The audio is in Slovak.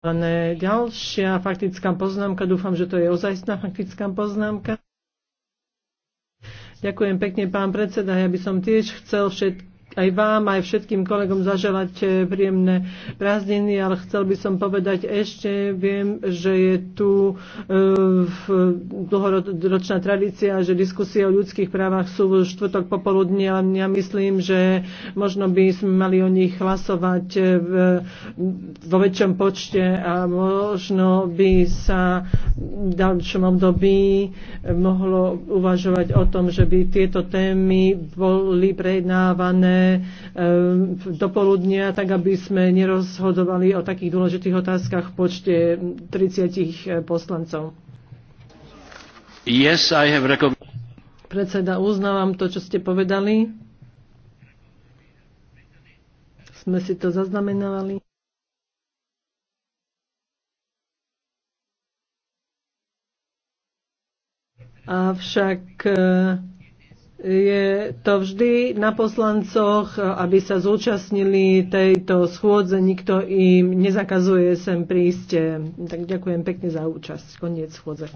Ďalšia faktická poznámka, dúfam, že to je ozajstná faktická poznámka. Ďakujem pekne, pán predseda. Ja by som tiež chcel všetkým aj vám, aj všetkým kolegom zaželať eh, príjemné prázdniny, ale chcel by som povedať ešte, viem, že je tu eh, dlhoročná tradícia, že diskusie o ľudských právach sú v štvrtok popoludní, ale ja myslím, že možno by sme mali o nich hlasovať eh, v, vo väčšom počte a možno by sa v ďalšom období mohlo uvažovať o tom, že by tieto témy boli prejednávané máme do poludnia, tak aby sme nerozhodovali o takých dôležitých otázkach v počte 30 e, poslancov. Yes, I have Predseda, uznávam to, čo ste povedali. Sme si to zaznamenali. Avšak e, to vždy na poslancoch, aby sa zúčastnili tejto schôdze. Nikto im nezakazuje sem prísť. Tak ďakujem pekne za účasť. Koniec schôdze.